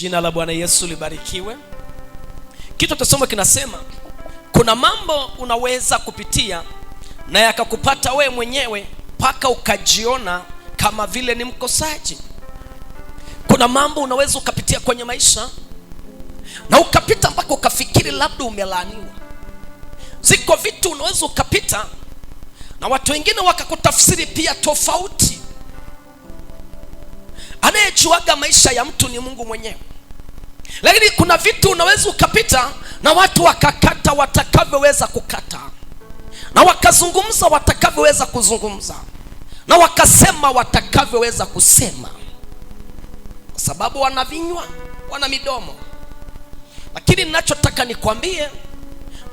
Jina la Bwana Yesu libarikiwe. kitu cha kinasema kuna mambo unaweza kupitia na yakakupata we mwenyewe mpaka ukajiona kama vile ni mkosaji. Kuna mambo unaweza ukapitia kwenye maisha na ukapita mpaka ukafikiri labda umelaaniwa. Ziko vitu unaweza ukapita na watu wengine wakakutafsiri pia tofauti anayejuaga maisha ya mtu ni mungu mwenyewe lakini kuna vitu unaweza ukapita na watu wakakata watakavyoweza kukata na wakazungumza watakavyoweza kuzungumza na wakasema watakavyoweza kusema kwa sababu wana vinywa wana midomo lakini ninachotaka nikwambie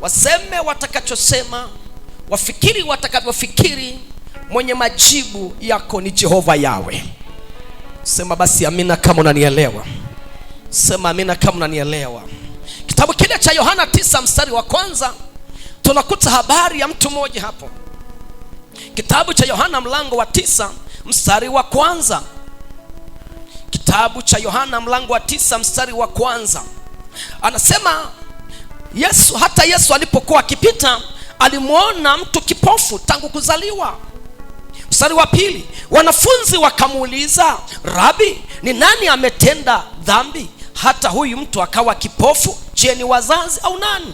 waseme watakachosema wafikiri watakavyofikiri mwenye majibu yako ni jehova yawe Sema basi amina kama unanielewa. Sema amina kama unanielewa. Kitabu kile cha Yohana tisa mstari wa kwanza tunakuta habari ya mtu mmoja hapo. Kitabu cha Yohana mlango wa tisa mstari wa kwanza. Kitabu cha Yohana mlango wa tisa mstari wa kwanza anasema Yesu, hata Yesu alipokuwa akipita alimwona mtu kipofu tangu kuzaliwa mstari wa pili wanafunzi wakamuuliza rabi ni nani ametenda dhambi hata huyu mtu akawa kipofu je ni wazazi au nani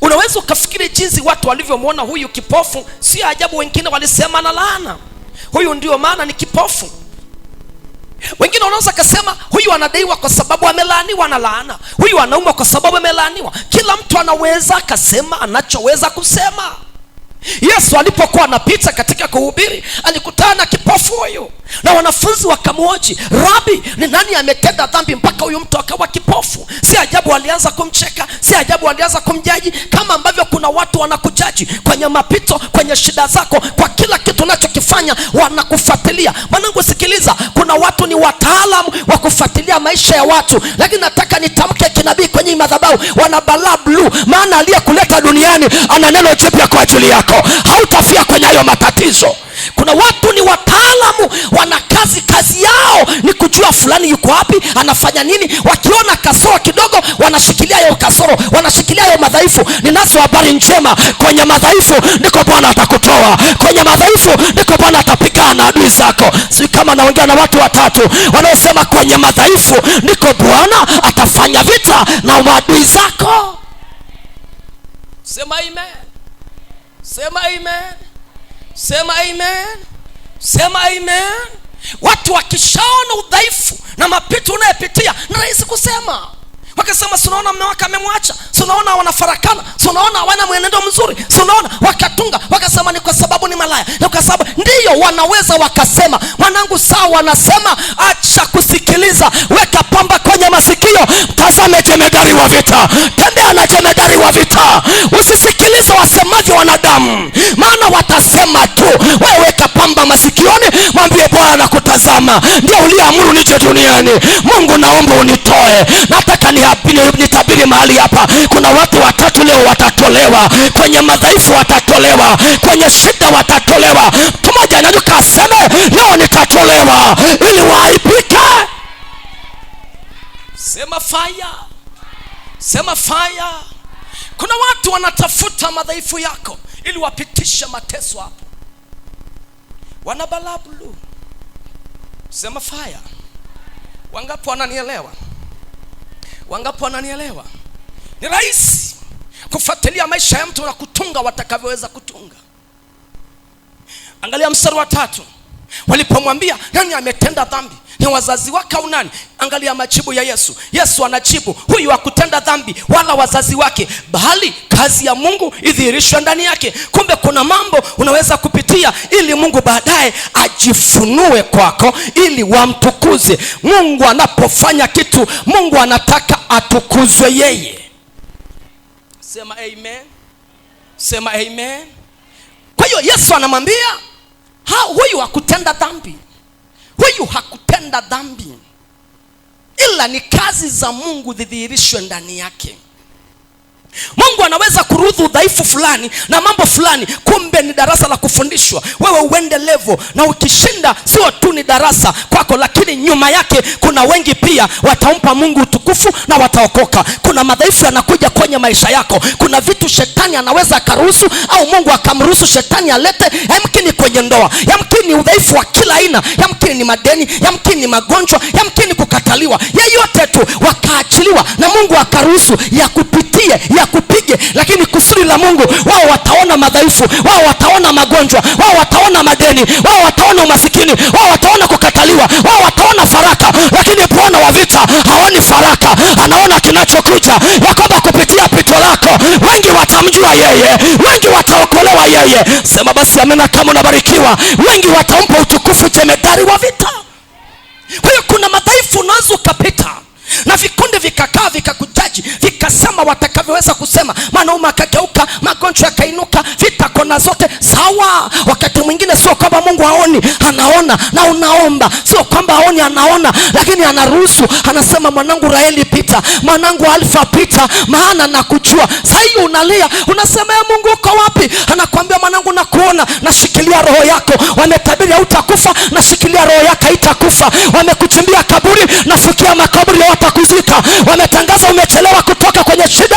unaweza ukafikiri jinsi watu walivyomwona huyu kipofu si ajabu wengine walisema na laana huyu ndio maana ni kipofu wengine wanaweza akasema huyu anadaiwa kwa sababu amelaaniwa na laana huyu anaumwa kwa sababu amelaaniwa kila mtu anaweza akasema anachoweza kusema Yesu alipokuwa anapita katika kuhubiri alikutana kipofu huyu, na wanafunzi wakamwoji, Rabi, ni nani ametenda dhambi mpaka huyu mtu akawa hofu. Si ajabu walianza kumcheka, si ajabu walianza kumjaji, kama ambavyo kuna watu wanakujaji kwenye mapito, kwenye shida zako, kwa kila kitu unachokifanya wanakufuatilia. Mwanangu, sikiliza, kuna watu ni wataalamu wa kufuatilia maisha ya watu, lakini nataka nitamke kinabii kwenye madhabahu, wana balaa bluu, maana aliyekuleta duniani ana neno jipya kwa ajili yako. Hautafia kwenye hayo matatizo. Kuna watu kazi, kazi yao ni kujua fulani yuko wapi, anafanya nini. Wakiona kasoro kidogo, wanashikilia hiyo kasoro, wanashikilia hiyo madhaifu. Ninazo habari njema, kwenye madhaifu ndiko Bwana atakutoa, kwenye madhaifu ndiko Bwana atapigana na adui zako. Si kama naongea na watu watatu wanaosema kwenye madhaifu ndiko Bwana atafanya vita na maadui zako. Sema ime Sema ime Sema ime Sema amen watu wakishaona udhaifu na mapito unayepitia ni rahisi kusema wakisema sinaona mme wake amemwacha sinaona wanafarakana sinaona hawana mwenendo mzuri sinaona wakatunga wakasema ni kwa sababu ni malaya ni kwa sababu ndiyo wanaweza wakasema mwanangu saa wanasema acha kusikiliza weka pamba kwenye masikio tazame jemedari wa vita tembea na jemedari wa vita usisikilize wasemavyo wanadamu maana watasema tu weka pamba masikioni mwambie bwana tazama, ndio uliamuru nije duniani. Mungu, naomba unitoe, nataka nitabiri mahali hapa. Kuna watu watatu leo watatolewa kwenye madhaifu, watatolewa kwenye shida, watatolewa. Mtu moja ananyuka aseme leo nitatolewa, ili waaibike. Sema faya, sema faya. Kuna watu wanatafuta madhaifu yako ili wapitishe mateso hapo, wanabalablu sema fire. Wangapi wananielewa? Wangapi wananielewa? Ni rahisi kufuatilia maisha ya mtu na kutunga watakavyoweza kutunga. Angalia mstari wa tatu, walipomwambia nani ametenda dhambi, ni wazazi wake au nani? Angalia majibu ya Yesu. Yesu anajibu, huyu hakutenda dhambi wala wazazi wake, bali kazi ya Mungu idhihirishwe ndani yake. Kumbe kuna mambo unaweza kupitia ili Mungu baadaye ajifunue kwako, ili wamtukuze Mungu. Anapofanya kitu, Mungu anataka atukuzwe yeye. Sema amen. Sema amen. Kwa hiyo Yesu anamwambia, ha, huyu hakutenda dhambi huyu hakutenda dhambi, ila ni kazi za Mungu zidhihirishwe ndani yake. Mungu anaweza kuru kuudhi udhaifu fulani na mambo fulani, kumbe ni darasa la kufundishwa, wewe uende levo, na ukishinda sio tu ni darasa kwako, lakini nyuma yake kuna wengi pia watampa Mungu utukufu na wataokoka. Kuna madhaifu yanakuja kwenye maisha yako, kuna vitu shetani anaweza akaruhusu au Mungu akamruhusu shetani alete, yamkini kwenye ndoa, yamkini udhaifu wa kila aina, yamkini ni madeni, yamkini ni magonjwa, yamkini kukataliwa, yeyote tu wakaachiliwa na Mungu akaruhusu yakupitie yakupitie wasije, lakini kusudi la Mungu, wao wataona madhaifu, wao wataona magonjwa, wao wataona madeni, wao wataona umasikini, wao wataona kukataliwa, wao wataona faraka. Lakini Bwana wa vita haoni faraka, anaona kinachokuja, ya kwamba kupitia pito lako wengi watamjua yeye, wengi wataokolewa yeye. Sema basi amena kama unabarikiwa. Wengi watampa utukufu jemedari wa vita. Kwa hiyo kuna madhaifu unaweza ukapita na vikundi vikakaa vikakujaji vikasema watakavyoweza kusema, mwanaume akageuka, magonjwa yakainuka, vita na zote sawa. Wakati mwingine sio kwamba Mungu haoni, anaona na unaomba, sio kwamba haoni, anaona, lakini anaruhusu, anasema mwanangu Raheli pita, mwanangu Alfa pita, maana nakujua. Sasa hiyo unalia, unasema ya eh, Mungu uko wapi? anakuambia mwanangu, nakuona, nashikilia roho yako. Wametabiri hautakufa, nashikilia roho yako haitakufa. Wamekuchimbia kaburi, nafukia makaburi hawatakuzika. Wametangaza umechelewa kutoka kwenye shida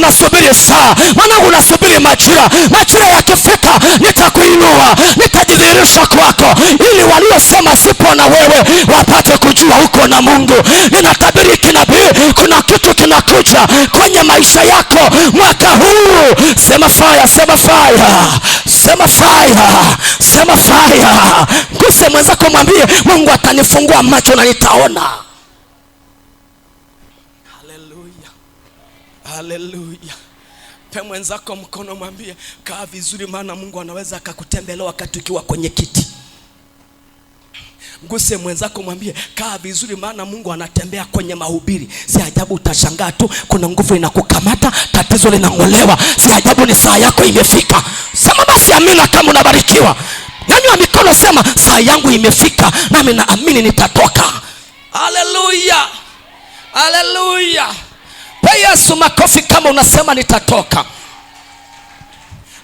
unasubiri saa, mwanangu, unasubiri majira. Majira yakifika, nitakuinua, nitajidhihirisha kwako, ili waliosema sipo na wewe wapate kujua huko na Mungu. Ninatabiri kinabii, kuna kitu kinakuja kwenye maisha yako mwaka huu. Sema faya, sema faya, sema faya, sema faya. Guse mwenzako, mwambie Mungu atanifungua macho na nitaona. Haleluya. Pe mwenzako mkono, mwambie kaa vizuri, maana Mungu anaweza akakutembelea wakati ukiwa kwenye kiti. Mguse mwenzako mwambie kaa vizuri, maana Mungu anatembea kwenye mahubiri. Si ajabu utashangaa tu, kuna nguvu inakukamata, tatizo linang'olewa. Si ajabu ni saa yako imefika. Sema basi amina kama unabarikiwa. Nyanyua mikono, sema saa yangu imefika, nami naamini nitatoka. Haleluya, haleluya. Mpe Yesu makofi kama unasema nitatoka.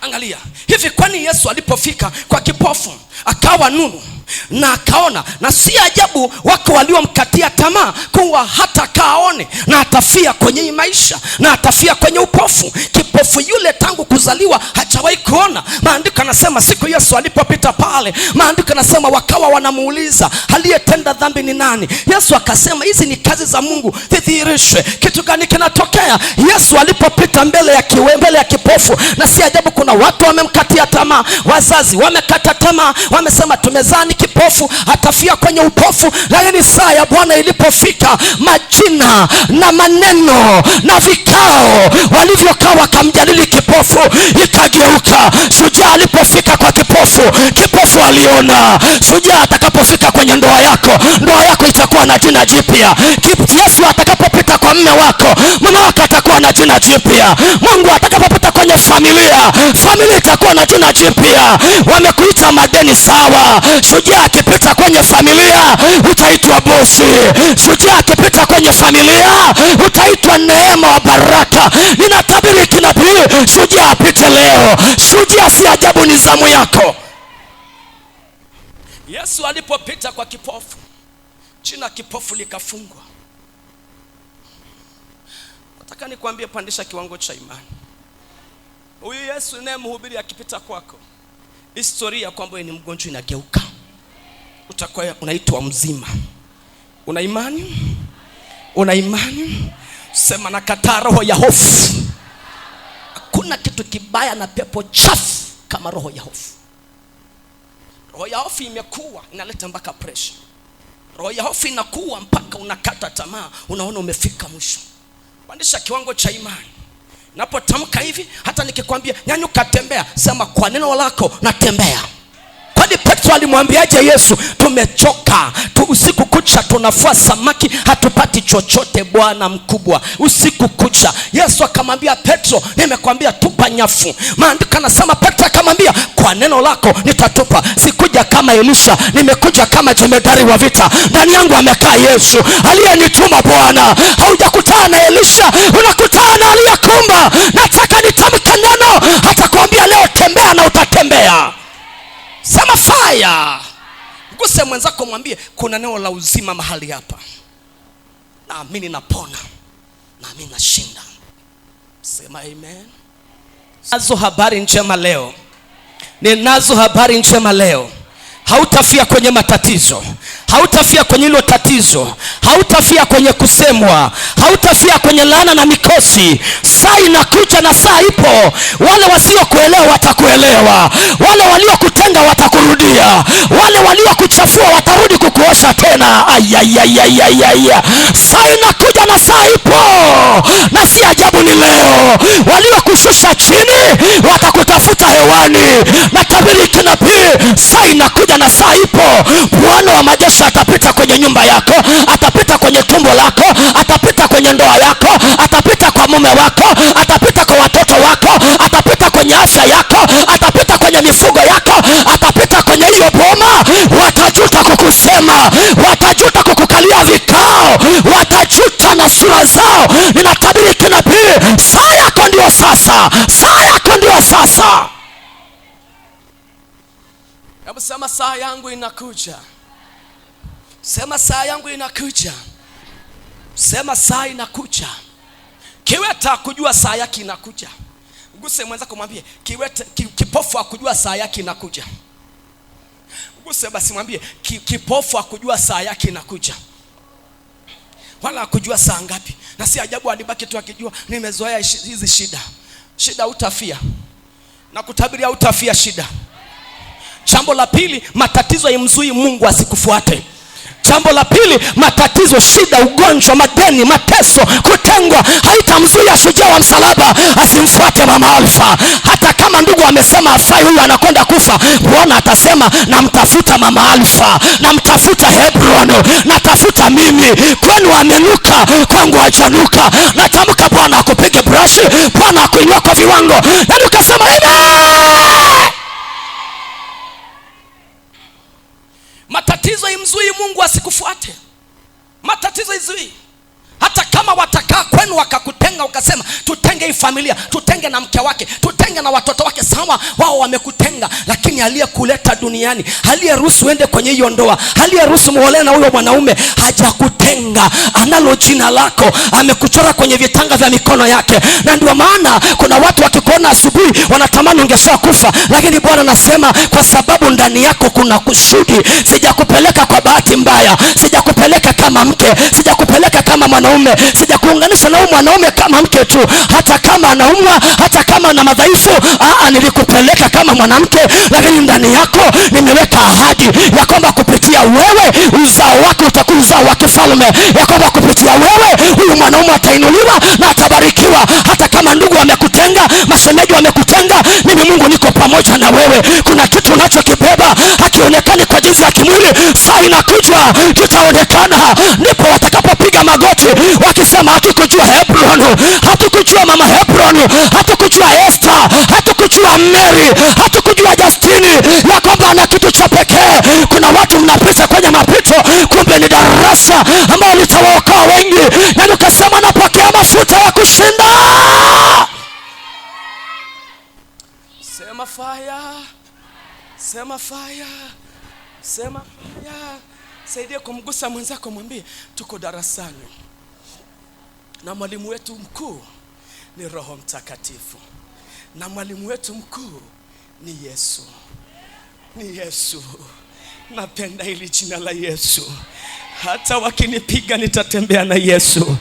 Angalia hivi, kwani Yesu alipofika kwa kipofu akawa nuru na akaona, na si ajabu wako waliomkatia tamaa kuwa hata kaone na atafia kwenye hii maisha, na atafia kwenye upofu. Kipofu yule tangu kuzaliwa hajawahi kuona. Maandiko anasema siku Yesu alipopita pale, maandiko anasema wakawa wanamuuliza aliyetenda dhambi ni nani? Yesu akasema hizi ni kazi za Mungu, zidhihirishwe Kitu gani kinatokea? Yesu alipopita mbele ya kiwe, mbele ya kipofu, na si ajabu kuna watu wamemkatia tamaa, wazazi wamekata tamaa, wamesema tumezani kipofu atafia kwenye upofu, lakini saa ya Bwana ilipofika, majina na maneno na vikao walivyokaa wakamjadili kipofu ikageuka. Shujaa alipofika kwa kipofu, kipofu aliona. Shujaa atakapofika kwenye ndoa yako, ndoa yako itakuwa na jina jipya. Yesu atakapopita kwa mme wako, mme wako atakuwa na jina jipya. Mungu ataka familia, familia itakuwa na jina jipya. Wamekuita madeni, sawa. Shujaa akipita kwenye familia utaitwa bosi. Shujaa akipita kwenye familia utaitwa neema wa baraka. Ninatabiri kinabii, shujaa apite leo. Shujaa si ajabu, ni zamu yako. Yesu alipopita kwa kipofu, jina kipofu likafungwa. Nataka nikwambie, pandisha kiwango cha imani. Huyu Yesu mhubiri akipita kwako, historia kwamba ni mgonjwa inageuka, utakuwa unaitwa mzima. Una imani? Una imani? Sema, nakataa roho ya hofu. Hakuna kitu kibaya na pepo chafu kama roho ya hofu. Roho ya hofu imekuwa inaleta mpaka pressure. Roho ya hofu inakuwa mpaka unakata tamaa, unaona umefika mwisho. Pandisha kiwango cha imani. Napotamka hivi, hata nikikwambia nyanyuka, tembea, sema kwa neno lako natembea. Swali Petro alimwambiaje Yesu, tumechoka tu, usiku kucha tunafua samaki hatupati chochote, Bwana mkubwa, usiku kucha. Yesu akamwambia Petro, nimekwambia tupa nyafu. Maandiko anasema Petro akamwambia, kwa neno lako nitatupa. Sikuja kama Elisha, nimekuja kama jemedari wa vita. Ndani yangu amekaa Yesu aliyenituma. Bwana, haujakutana na Elisha, unakutana na aliyekumba. Nataka nitamke neno, atakwambia leo tembea na utatembea sema fire. Mguse mwenzako, mwambie kuna neno la uzima mahali hapa. Naamini napona, naamini nashinda. Sema amen. Nazo habari njema leo, ninazo habari njema leo hautafia kwenye matatizo, hautafia kwenye hilo tatizo, hautafia kwenye kusemwa, hautafia kwenye laana na mikosi. Saa inakuja na saa ipo. Wale wasiokuelewa watakuelewa, wale waliokutenga watakurudia, wale waliokuchafua watarudi kukuosha tena. Ayayayayaya, saa inakuja na saa ipo, na si ajabu ni leo. Waliokushusha chini watakutafuta hewani. na Natabiri kinabii inakuja na saa ipo. Bwana wa majeshi atapita kwenye nyumba yako, atapita kwenye tumbo lako, atapita kwenye ndoa yako, atapita kwa mume wako, atapita kwa watoto wako sema saa yangu inakuja, sema saa yangu inakuja, sema saa inakuja. Kiwete akujua saa yake inakuja. Guse mwenza kumwambie kiwete, kipofu akujua saa yake inakuja. Guse basi mwambie kipofu akujua saa yake inakuja wala akujua saa ngapi, na si ajabu alibaki tu akijua nimezoea hizi shida. Shida utafia na kutabiria utafia shida Jambo la pili, matatizo haimzuii Mungu asikufuate. Jambo la pili, matatizo, shida, ugonjwa, madeni, mateso, kutengwa haitamzuia shujaa wa msalaba asimfuate mama Alfa. Hata kama ndugu amesema afai, huyu anakwenda kufa, Bwana atasema namtafuta mama Alfa, namtafuta Hebron, natafuta mimi. Kwenu amenuka, kwangu hajanuka. Natamka Bwana akupige brashi, Bwana akuinua kwa viwango. familia, tutenge na mke wake, tutenge na watoto wake. Sawa, wao wamekutenga, lakini aliyekuleta duniani, aliyeruhusu uende kwenye hiyo ndoa, aliyeruhusu muolee na huyo mwanaume hajakutenga, analo jina lako, amekuchora kwenye vitanga vya mikono yake, na ndio maana kuna watu wanakuona asubuhi wanatamani ungeshaa kufa, lakini Bwana anasema kwa sababu ndani yako kuna kusudi. Sijakupeleka kwa bahati mbaya, sijakupeleka kama mke, sijakupeleka kama mwanaume, sijakuunganisha na mwanaume kama mke tu, hata kama anaumwa, hata kama ana madhaifu. Aa, nilikupeleka kama mwanamke, lakini ndani yako nimeweka ahadi ya kwamba kupitia wewe uzao wake utakuwa uzao wa kifalme, ya kwamba kupitia wewe huyu mwanaume atainuliwa na atabari saa inakuja kitaonekana, ndipo watakapopiga magoti wakisema, hatukujua Hebron, hatukujua mama Hebron, hatukujua Esther, hatukujua Mary, hatukujua Justini, ya kwamba ana kitu cha pekee. Kuna watu mnapita kwenye mapito, kumbe ni darasa ambayo litawaokoa wengi, na nikasema napokea mafuta ya kushinda. Sema faya, sema faya, sema faya. Saidia kumgusa mwenzako, mwambie tuko darasani na mwalimu wetu mkuu ni Roho Mtakatifu, na mwalimu wetu mkuu ni Yesu. Ni Yesu. Napenda hili jina la Yesu. Hata wakinipiga nitatembea na Yesu,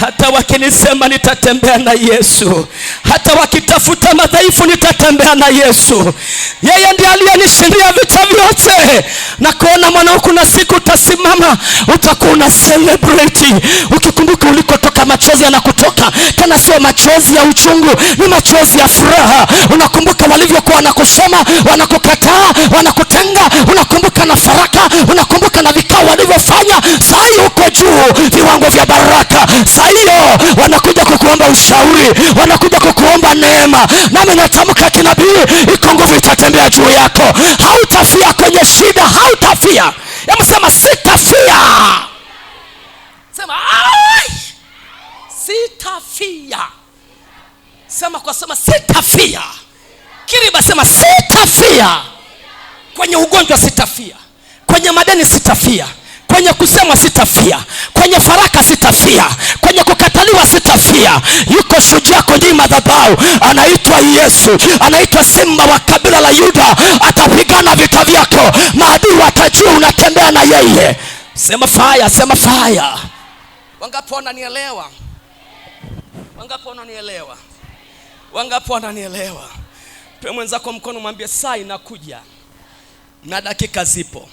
hata wakinisema nitatembea na Yesu, hata wakitafuta madhaifu nitatembea na Yesu. Yeye ndiye aliyenishindia vita vyote. Na kuona mwanao, kuna siku utasimama, utakuwa una celebrate ukikumbuka ulikotoka. Machozi yanakutoka tena, sio machozi ya uchungu, ni machozi ya furaha. Unakumbuka walivyokuwa wanakusema, wanakukataa, wanakutenga, unakumbuka na faraka, unakumbuka na vikao walivyofanya sahi uko juu, viwango vya baraka sahiyo, wanakuja kukuomba ushauri, wanakuja kukuomba neema. Nami natamka kinabii, iko nguvu itatembea juu yako, hautafia kwenye shida, hautafia. Hebu sema sitafia, sema ai, sitafia, sema kwa sema sitafia, kiriba sema sitafia, kwenye ugonjwa sitafia, kwenye madeni sitafia Kwenye kusema sitafia, kwenye faraka sitafia, kwenye kukataliwa sitafia. Yuko shujaa kwenye madhabahu, anaitwa Yesu, anaitwa Simba wa kabila la Yuda. Atapigana vita vyako, maadui watajua unatembea na yeye. Sema faya, sema faya. Wangapi wananielewa? Wangapi wananielewa? Wangapi wananielewa? Pe mwenzako mkono, mwambie saa inakuja na dakika zipo.